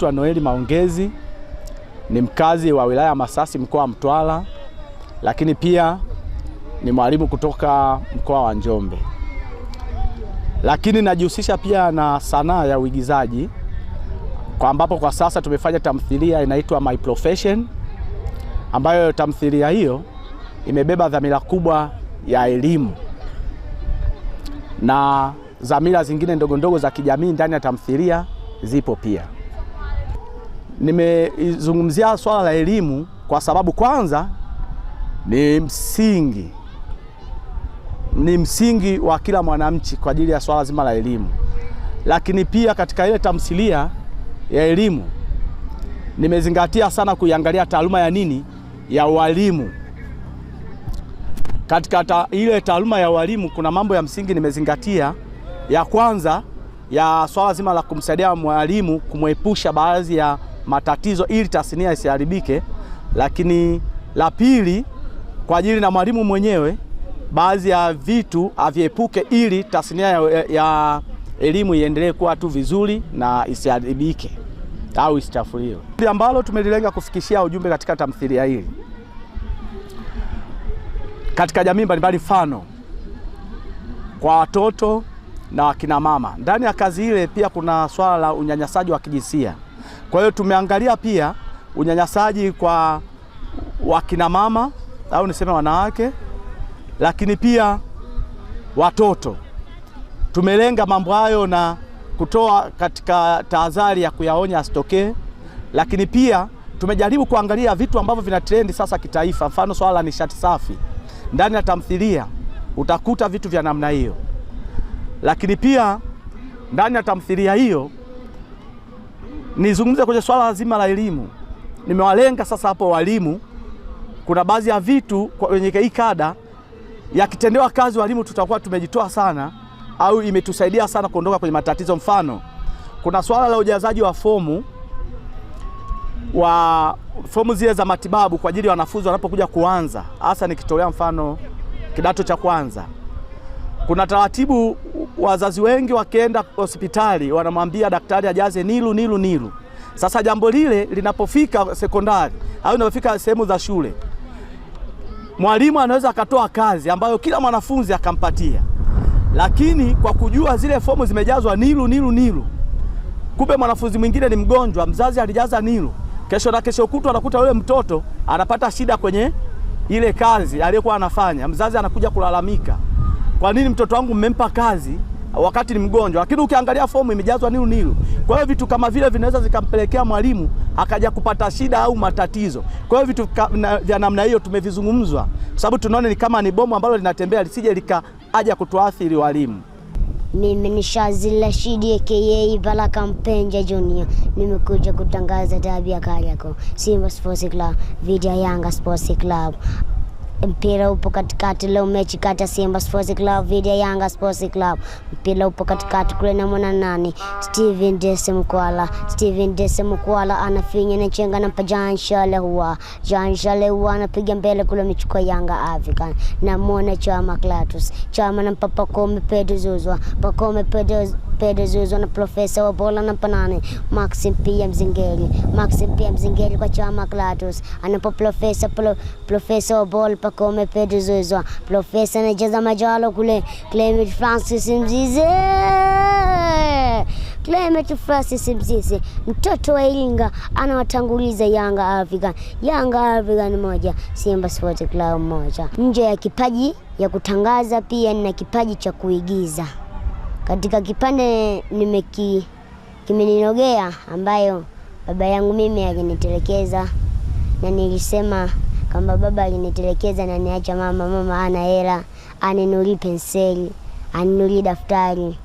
Naitwa Noeli Maongezi, ni mkazi wa wilaya ya Masasi mkoa wa Mtwara, lakini pia ni mwalimu kutoka mkoa wa Njombe, lakini najihusisha pia na sanaa ya uigizaji kwa ambapo kwa sasa tumefanya tamthilia inaitwa My Profession, ambayo tamthilia hiyo imebeba dhamira kubwa ya elimu na dhamira zingine ndogo ndogo za kijamii ndani ya tamthilia zipo pia. Nimezungumzia swala la elimu kwa sababu kwanza ni msingi, ni msingi wa kila mwananchi kwa ajili ya swala zima la elimu, lakini pia katika ile tamthilia ya elimu nimezingatia sana kuiangalia taaluma ya nini, ya walimu. Katika ta, ile taaluma ya walimu kuna mambo ya msingi nimezingatia. Ya kwanza ya swala zima la kumsaidia mwalimu kumwepusha baadhi ya matatizo ili tasnia isiharibike. Lakini la pili, kwa ajili na mwalimu mwenyewe baadhi ya vitu aviepuke ili tasnia ya, ya elimu iendelee kuwa tu vizuri na isiharibike au isichafuliwe. Ambalo tumelilenga kufikishia ujumbe katika tamthilia hili katika jamii mbalimbali, mfano kwa watoto na wakina mama. Ndani ya kazi ile pia kuna swala la unyanyasaji wa kijinsia. Kwa hiyo tumeangalia pia unyanyasaji kwa wakina mama au niseme wanawake, lakini pia watoto. Tumelenga mambo hayo na kutoa katika tahadhari ya kuyaonya asitokee, lakini pia tumejaribu kuangalia vitu ambavyo vina trendi sasa kitaifa, mfano swala la nishati safi. Ndani ya tamthilia utakuta vitu vya namna hiyo, lakini pia ndani ya tamthilia hiyo nizungumze kwenye swala zima la elimu. Nimewalenga sasa hapo walimu. Kuna baadhi ya vitu kwenye hii kada yakitendewa kazi walimu tutakuwa tumejitoa sana au imetusaidia sana kuondoka kwenye matatizo. Mfano, kuna swala la ujazaji wa fomu wa fomu zile za matibabu kwa ajili ya wanafunzi wanapokuja kuanza, hasa nikitolea mfano kidato cha kwanza. Kuna taratibu, wazazi wengi wakienda hospitali wanamwambia daktari ajaze nilu nilu nilu. Sasa jambo lile linapofika sekondari au linapofika sehemu za shule, mwalimu anaweza akatoa kazi ambayo kila mwanafunzi akampatia, lakini kwa kujua zile fomu zimejazwa nilu nilu nilu, kumbe mwanafunzi mwingine ni mgonjwa, mzazi alijaza nilu, kesho na kesho kutwa anakuta yule mtoto anapata shida kwenye ile kazi aliyokuwa anafanya, mzazi anakuja kulalamika kwa nini mtoto wangu mmempa kazi wakati ni mgonjwa? Lakini ukiangalia fomu imejazwa nilu nilu. Kwa hiyo vitu kama vile vinaweza zikampelekea mwalimu akaja kupata shida au matatizo. Kwa hiyo vitu vya namna hiyo tumevizungumzwa, sababu tunaona ni kama ni bomu ambalo linatembea lisije likaja kutuathiri walimu. Mimi ni Shazil Rashidi aka Baraka Mpenja Junior, nimekuja kutangaza tabia kali yako Simba Sports Club dhidi ya Yanga Sports Club. Mpira upo katikati leo, mechi kati ya Simba Sports Club dhidi ya Yanga Sports Club. Mpira upo katikati kule, na mwana nani? Steven Dese Mkwala. Steven Dese Mkwala anafinya na chenga na mpa Jean Shale huwa. Jean Shale huwa anapiga mbele kule, michukua Yanga African. Na mwana Chama Clatous. Chama na mpapa kome pedo Zuzwa. Pakome Pedro Mapele Zuzo na Profesa Wabula na Mpanani, Maxim Pia Mzingeli, Maxim Pia Mzingeli kwa chama Gladys anapo Profesa pro, Profesa pa kome Pedro Zuzo, Profesa jaza Majalo kule, Clement Francis Mzize Clement Francis Mzize mtoto wa Iringa anawatanguliza Yanga African. Yanga ni moja, Simba Sports Club moja. Nje ya kipaji ya kutangaza, pia na kipaji cha kuigiza. Katika kipande nimeki kimeninogea ambayo baba yangu mimi alinitelekeza, na nilisema kwamba baba alinitelekeza na niacha mama, mama ana hela aninuli penseli aninuli daftari,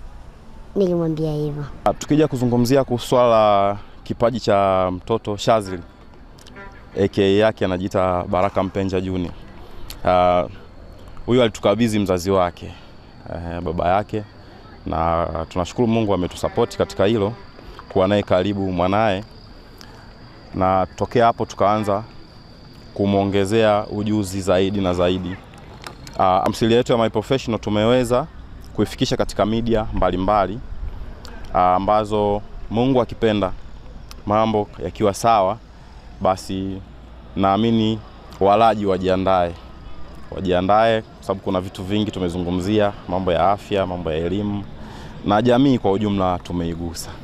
nilimwambia hivyo. Ah, tukija kuzungumzia kuhusu swala kipaji cha mtoto shazil aka yake anajiita Baraka Mpenja Juni, ah, huyu uh, alitukabidhi mzazi wake uh, baba yake na tunashukuru Mungu ametusapoti katika hilo, kuwa naye karibu mwanaye, na tokea hapo tukaanza kumwongezea ujuzi zaidi na zaidi. Uh, ah, amsilia yetu ya My Professional tumeweza kuifikisha katika media mbalimbali ah, ambazo, uh, Mungu akipenda mambo yakiwa sawa, basi naamini walaji wajiandae, wajiandae kwa sababu kuna vitu vingi tumezungumzia, mambo ya afya, mambo ya elimu na jamii kwa ujumla tumeigusa.